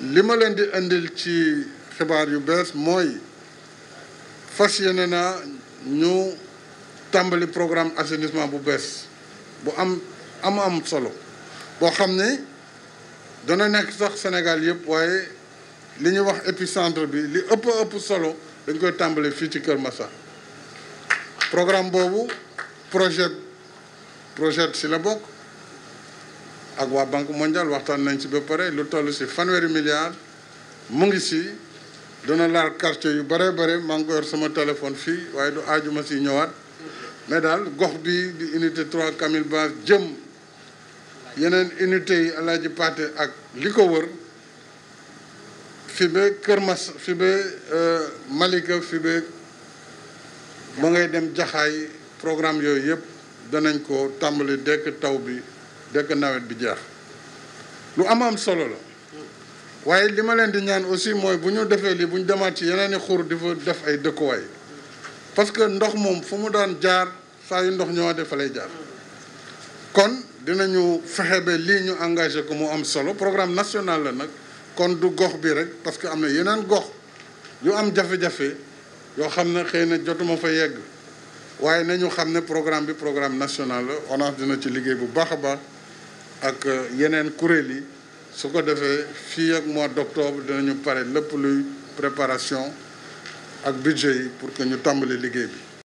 li ma leen di indil ci xibaar yu bees mooy fas yéene naa ñu tàmbali programme assainissement bu bees bu am am am solo boo xam ne dana nekk sax Sénégal yëpp waaye li ñuy wax épicentre bi li ëpp ëpp solo dañ koy tàmbali fii ci Kër Massa programme boobu projet projet si la bokk ak wa banque mondiale waxtan nañ ci ba pare lu tollu ci fanweri milliard mu ngi ci dana la quartier yu bare bare ma ngi yor sama téléphone fi waye du aajuma ci ñëwaat mais dal gox bi di unité 3 Camille Basse jëm yenen unité yi alaaji paté ak liko wër fi ba Kër Mas fi euh, Malika fi ba ba ngay dem jaxay programme yoy yëpp danañ ko tambali dekk taw bi dëgg nawet bi jeex lu am am solo la waaye li ma leen di ñaan aussi mooy bu ñu defee lii bu ñu demaat ci yeneen xur di fa def ay dëkkuwaay parce que ndox moom fu mu daan jaar saa yu ndox ñoo def fa lay jaar kon dinañu fexe ba lii ñu engagé ko mu am solo programme national la nag kon du gox bi rek parce que am na yeneen gox yu am jafe-jafe yoo xam ne xëy na jotuma fa yegg waaye nañu xam ne programme bi programme national la ONAS dina ci liggéey bu baax a baax ak euh, yeneen kuréel yi su ko defee fii ak mois d'octobre dinañu pare lëpp luy préparation ak budget yi pour que ñu tàmbali liggéey bi